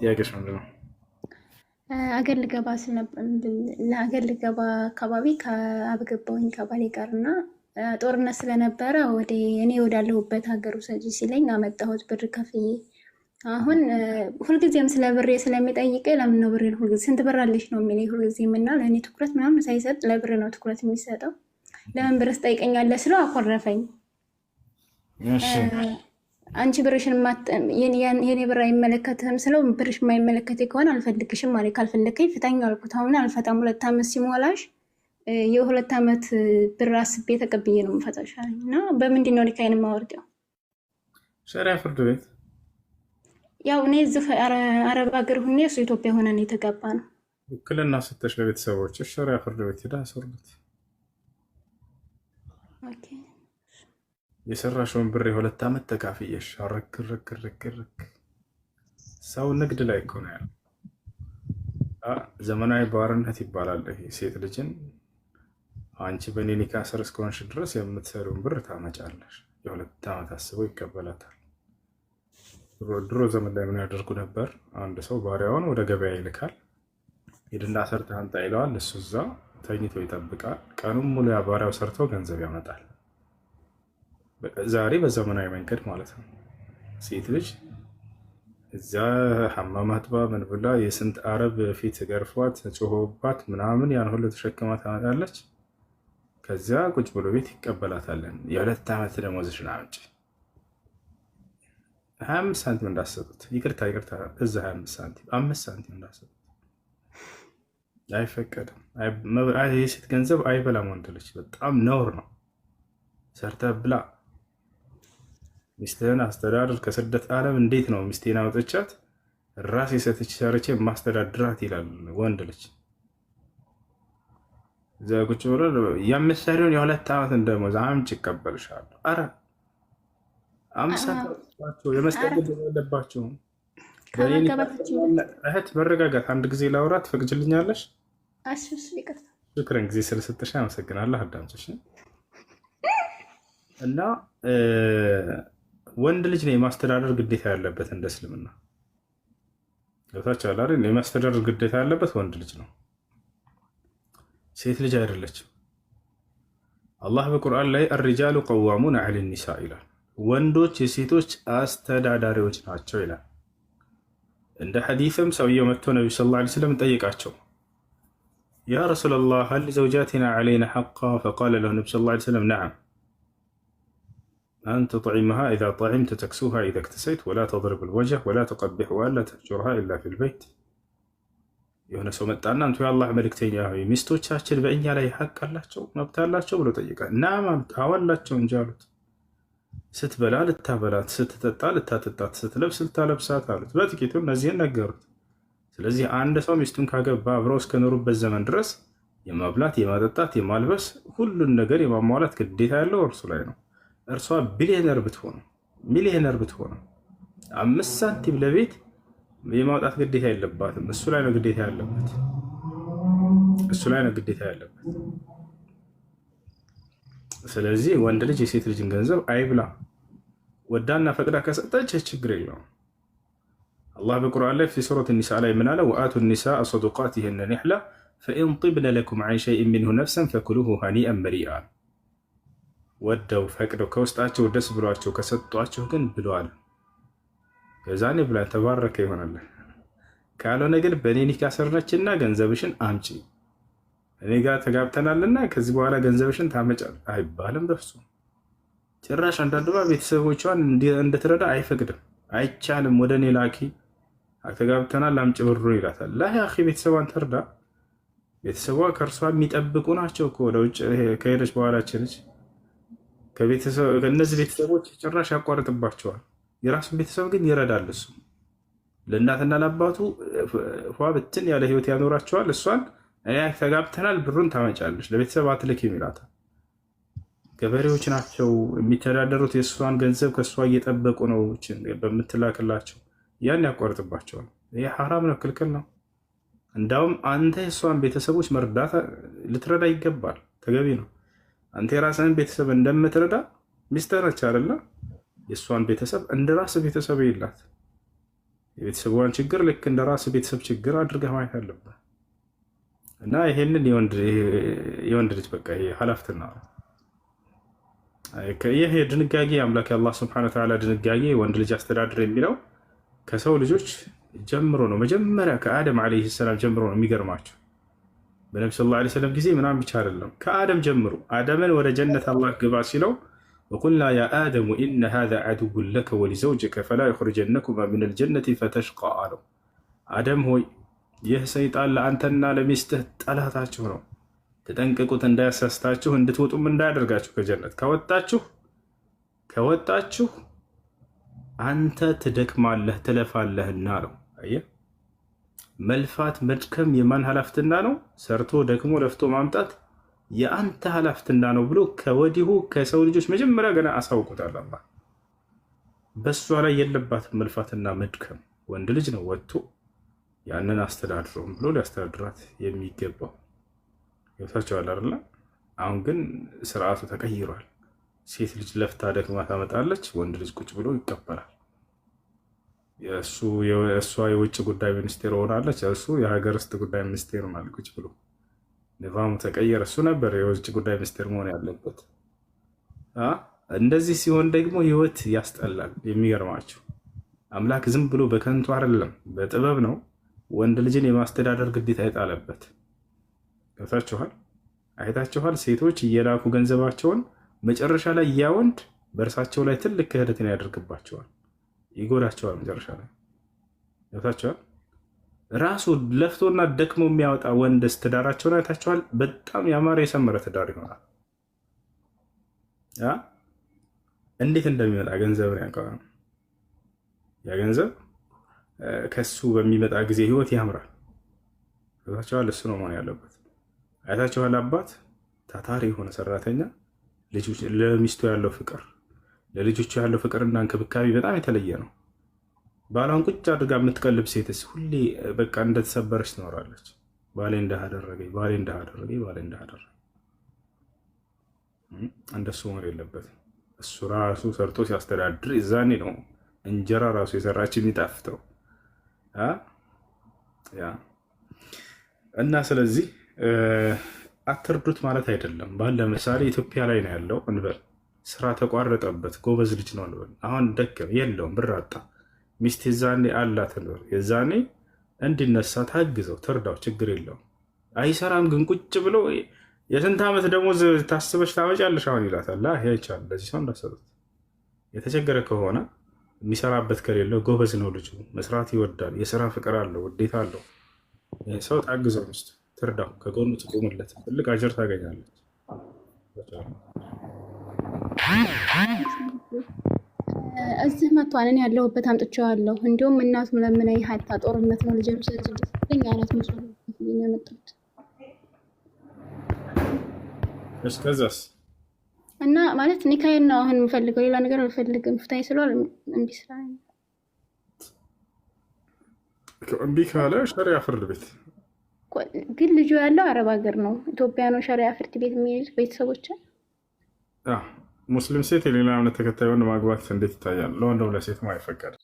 ጥያቄሽ ምንድን ነው? አገር ልገባ ለአገር ልገባ አካባቢ አብገባውኝ ከባሌ ጋር እና ጦርነት ስለነበረ ወደ እኔ ወዳለሁበት ሀገር ውሰጂ ሲለኝ አመጣሁት ብር ከፍዬ። አሁን ሁልጊዜም ስለ ብሬ ስለሚጠይቀ ለምን ነው ብሬ ሁልጊዜ ስንት ብር አለሽ ነው የሚለኝ ሁልጊዜ። እና ለእኔ ትኩረት ምናምን ሳይሰጥ ለብር ነው ትኩረት የሚሰጠው። ለምን ብር ስጠይቀኛለ ስለው አኮረፈኝ። አንቺ ብርሽን የኔ ብር አይመለከትህም ስለው ብርሽ የማይመለከት ከሆነ አልፈልግሽም አለ። ካልፈለከኝ ፍታኝ አልኩት። አሁን አልፈታም። ሁለት ዓመት ሲሞላሽ የሁለት ዓመት ብር አስቤ ተቀብዬ ነው የምፈታሽ እና በምንድን ነው ሊካይን ማወርደው? ሸሪያ ፍርድ ቤት ያው እኔ እዚህ አረብ ሀገር ሁኔ እሱ ኢትዮጵያ ሆነን የተጋባ ነው። ውክልና ስተሽ ለቤተሰቦች ሸሪያ ፍርድ ቤት ሄዳ አስወርዱት። ኦኬ የሰራሽውን ብር የሁለት ዓመት ተካፍየሽ አረክርክርክርክ ሰው ንግድ ላይ እኮ ነው ያለው። ዘመናዊ ባርነት ይባላል። ሴት ልጅን አንቺ በእኔ ኒካ ስር እስከሆንሽ ድረስ የምትሰሪውን ብር ታመጫለሽ። የሁለት ዓመት አስበው ይቀበላታል። ድሮ ዘመን ላይ ምን ያደርጉ ነበር? አንድ ሰው ባሪያውን ወደ ገበያ ይልካል። ሂድና ሰርተህ አምጣ ይለዋል። እሱ እዛ ተኝቶ ይጠብቃል። ቀኑም ሙሉ ያ ባሪያው ሰርቶ ገንዘብ ያመጣል። ዛሬ በዘመናዊ መንገድ ማለት ነው። ሴት ልጅ እዛ ሐማማት ባ ምን ብላ የስንት አረብ ፊት ገርፏት ጮሆባት ምናምን ያን ሁሉ ተሸክማ ታመጣለች። ከዚያ ቁጭ ብሎ ቤት ይቀበላታለን። የሁለት ዓመት ደሞዝሽን አምጪ፣ ሀያ አምስት ሳንቲም እንዳሰጡት ይቅርታ፣ ይቅርታ፣ እዛ ሀያ አምስት ሳንቲም አምስት ሳንቲም እንዳሰጡት አይፈቀድም። የሴት ገንዘብ አይበላም ወንድ ልጅ፣ በጣም ነውር ነው። ሰርተ ብላ ሚስትህን አስተዳድር ከስደት ዓለም እንዴት ነው ሚስቴን አውጥቻት ራስ የሰትች ሰርቼ ማስተዳድራት ይላል ወንድ ልጅ። እዛ ቁጭ ብሎ የምትሰሪውን የሁለት ዓመትን ደሞዝ አምጪ ይቀበልሻሉ። አረ አምሳቸው የመስጠት ያለባቸውም እህት መረጋጋት፣ አንድ ጊዜ ላውራ ትፈቅጅልኛለሽ? ሽክረን ጊዜ ስለሰጠሽ አመሰግናለሁ። አዳምጭሽ እና ወንድ ልጅ ነው የማስተዳደር ግዴታ ያለበት እንደ እስልምና ገብታች የማስተዳደር ግዴታ ያለበት ወንድ ልጅ ነው፣ ሴት ልጅ አይደለችም። አላህ በቁርአን ላይ አሪጃሉ ቀዋሙን አለ ኒሳ ይላል። ወንዶች የሴቶች አስተዳዳሪዎች ናቸው ይላል። እንደ ሐዲትም ሰውየው መጥቶ ነቢ ስ ላ ስለም ጠይቃቸው ያ ረሱላ ላህ ሀል ዘውጃቲና ዓለይና ሐቃ ፈቃለ ለሁ ነቢ ስ ላ ስለም ነዓም أن تطعمها إذا طعمت تكسوها إذا اكتسيت ولا تضرب الوجه ولا تقبحها ولا تهجرها إلا في البيت የሆነ ሰው መጣና አንቱ የአላህ መልእክተኛ ሆይ ሚስቶቻችን በእኛ ላይ ሀቅ አላቸው መብት አላቸው ብሎ ጠይቃ እና አዋላቸው እንጂ አሉት። ስትበላ ልታበላት፣ ስትጠጣ ልታጠጣት፣ ስትለብስ ልታለብሳት አሉት። በጥቂቱ እነዚህን ነገሩት። ስለዚህ አንድ ሰው ሚስቱን ካገባ አብረው እስከኖሩበት ዘመን ድረስ የማብላት የማጠጣት፣ የማልበስ ሁሉን ነገር የማሟላት ግዴታ ያለው እርሱ ላይ ነው። እርሷ ቢሊዮነር ብትሆን ሚሊዮነር ብትሆን አምስት ሳንቲም ለቤት የማውጣት ግዴታ የለባትም። እሱ ላይ ነው ግዴታ ያለበት፣ እሱ ላይ ነው ግዴታ ያለበት። ስለዚህ ወንድ ልጅ የሴት ልጅን ገንዘብ አይብላ። ወዳና ፈቅዳ ከሰጠች ችግር የለውም። አላህ በቁርአን ላይ ፊ ሱረት ኒሳ ላይ ምን አለ? ወአቱ ኒሳ ሰዱቃት ይህንን ያህላ ፈኢን ጢብነ ለኩም አን ሸይእ ሚንሁ ነፍሰን ፈኩሉሁ ሀኒአን መሪአ ወደው ፈቅደው ከውስጣቸው ደስ ብሏቸው ከሰጧቸው ግን ብለዋል። በዛኔ ብላ ተባረከ ይሆናል። ካልሆነ ግን በእኔ ኒካ ሰራችና ገንዘብሽን አምጪ እኔ ጋር ተጋብተናልና ከዚህ በኋላ ገንዘብሽን ታመጫል አይባልም። በፍጹም ጭራሽ አንዳንድ ቤተሰቦቿን እንድትረዳ አይፈቅድም። አይቻልም። ወደ እኔ ላኪ ተጋብተናል አምጪ ብሩ ይላታል። ላይ አኺ ቤተሰቧን ተርዳ። ቤተሰቧ ከእርሷ የሚጠብቁ ናቸው። ወደ ውጭ ከሄደች በኋላችንች ከእነዚህ ቤተሰቦች ጭራሽ ያቋርጥባቸዋል። የራሱን ቤተሰብ ግን ይረዳል። እሱ ለእናትና ለአባቱ ፏ ብትን ያለ ህይወት ያኖራቸዋል። እሷን ተጋብተናል፣ ብሩን ታመጫለች፣ ለቤተሰብ አትልክ ይላታል። ገበሬዎች ናቸው የሚተዳደሩት። የእሷን ገንዘብ ከእሷ እየጠበቁ ነው በምትላክላቸው። ያን ያቋርጥባቸዋል። ይህ ሐራም ነው፣ ክልክል ነው። እንዳውም አንተ የእሷን ቤተሰቦች መርዳት ልትረዳ ይገባል፣ ተገቢ ነው። አንተ የራስህን ቤተሰብ እንደምትረዳ ሚስትህ ነች አይደለ? የእሷን ቤተሰብ እንደ ራስህ ቤተሰብ የላት። የቤተሰቧን ችግር ልክ እንደ ራስ ቤተሰብ ችግር አድርገህ ማየት አለብህ። እና ይሄንን የወንድ ልጅ በቃ ይሄ ኃላፊትና ይሄ ድንጋጌ አምላክ አላህ ስብሐነሁ ወተዓላ ድንጋጌ ወንድ ልጅ አስተዳድር የሚለው ከሰው ልጆች ጀምሮ ነው። መጀመሪያ ከአደም ዓለይሂ ሰላም ጀምሮ ነው። የሚገርማቸው በነቢ ስ ላ ሰለም ጊዜ ምናምን ብቻ አይደለም፣ ከአደም ጀምሮ አደምን ወደ ጀነት አላህ ግባ ሲለው ወቁልና ያ አደሙ ኢነ ሃዛ አድውን ለከ ወሊዘውጅከ ፈላ የኽርጀነኩማ ሚነል ጀነቲ ፈተሽቃ አለው። አደም ሆይ ይህ ሰይጣን ለአንተና ለሚስትህ ጠላታችሁ ነው፣ ተጠንቀቁት እንዳያሳስታችሁ እንድትወጡም እንዳያደርጋችሁ ከጀነት ከወጣችሁ ከወጣችሁ አንተ ትደክማለህ ትለፋለህና አለው። አየህ መልፋት መድከም የማን ሀላፍትና ነው? ሰርቶ ደክሞ ለፍቶ ማምጣት የአንተ ሀላፍትና ነው ብሎ ከወዲሁ ከሰው ልጆች መጀመሪያ ገና አሳውቁታል። አላ በእሷ ላይ የለባትም መልፋትና መድከም። ወንድ ልጅ ነው ወጥቶ ያንን አስተዳድረውም ብሎ ሊያስተዳድራት የሚገባው ይወታቸዋል አይደለ? አሁን ግን ስርዓቱ ተቀይሯል። ሴት ልጅ ለፍታ ደክማ ታመጣለች፣ ወንድ ልጅ ቁጭ ብሎ ይቀበላል። እሷ የውጭ ጉዳይ ሚኒስቴር ሆናለች፣ እሱ የሀገር ውስጥ ጉዳይ ሚኒስቴር ሆናል። ብሎ ንፋሙ ተቀየረ። እሱ ነበር የውጭ ጉዳይ ሚኒስቴር መሆን ያለበት። እንደዚህ ሲሆን ደግሞ ህይወት ያስጠላል። የሚገርማቸው አምላክ ዝም ብሎ በከንቱ አይደለም፣ በጥበብ ነው ወንድ ልጅን የማስተዳደር ግዴታ የጣለበት። ገብታችኋል? አይታችኋል? ሴቶች እየላኩ ገንዘባቸውን መጨረሻ ላይ ያ ወንድ በእርሳቸው ላይ ትልቅ ክህደትን ያደርግባቸዋል። ይጎዳቸዋል። መጨረሻ ላይ ራሱ ለፍቶና ደክሞ የሚያወጣ ወንድስ ትዳራቸውን አይታቸዋል። በጣም ያማረ የሰመረ ትዳር ይሆናል። እንዴት እንደሚመጣ ገንዘብን ያውቀዋል። ያ ገንዘብ ከሱ በሚመጣ ጊዜ ህይወት ያምራል። ታቸዋል። እሱ ነው መሆን ያለበት። አይታቸዋል። አባት ታታሪ የሆነ ሰራተኛ፣ ለሚስቱ ያለው ፍቅር ለልጆቹ ያለው ፍቅርና እንክብካቤ በጣም የተለየ ነው። ባሏን ቁጭ አድርጋ የምትቀልብ ሴትስ ሁሌ በቃ እንደተሰበረች ትኖራለች። ባሌ እንዳደረገኝ ባሌ እንዳደረገኝ ባሌ እንዳደረገኝ። እንደሱ መሆን የለበትም። እሱ ራሱ ሰርቶ ሲያስተዳድር ይዛኔ ነው እንጀራ ራሱ የሰራች ያ እና ስለዚህ አትርዱት ማለት አይደለም። ባለ ምሳሌ ኢትዮጵያ ላይ ነው ያለው እንበል ስራ ተቋረጠበት። ጎበዝ ልጅ ነው ልበል። አሁን ደከም የለውም ብር አጣ። ሚስት የዛኔ አላት ልበል። የዛኔ እንዲነሳ ታግዘው ትርዳው፣ ችግር የለውም። አይሰራም ግን ቁጭ ብሎ የስንት ዓመት ደሞዝ ታስበሽ ታመጫለሽ አሁን ይላታል። ይሄ ይቻል ለዚህ ሰው እንዳሰሩት የተቸገረ ከሆነ የሚሰራበት ከሌለው ጎበዝ ነው ልጁ። መስራት ይወዳል። የስራ ፍቅር አለው፣ ውዴታ አለው። ሰው ታግዘው፣ ሚስቱ ትርዳው፣ ከጎኑ ትቁምለት። ትልቅ አጀር ታገኛለች። እዚህ መቷን እኔ ያለሁበት አምጥቼዋለሁ። እንዲሁም እናቱ ለምን ሀታ ጦርነት ነው ልጀም ስለስድስተኛ አይነት መስሎ ያመጣት እስከዛስ እና ማለት ኒካይን ነው አሁን የምፈልገው፣ ሌላ ነገር አልፈልግም። ፍታኝ ስለዋል እምቢ ስራ እምቢ ካለ ሸሪያ ፍርድ ቤት ግን ልጁ ያለው አረብ ሀገር ነው። ኢትዮጵያ ነው ሸሪያ ፍርድ ቤት የሚሄዱት ቤተሰቦችን ሙስሊም ሴት የሌላ እምነት ተከታይ ወንድ ማግባት እንዴት ይታያል? ለወንድም ለሴትም አይፈቀድም።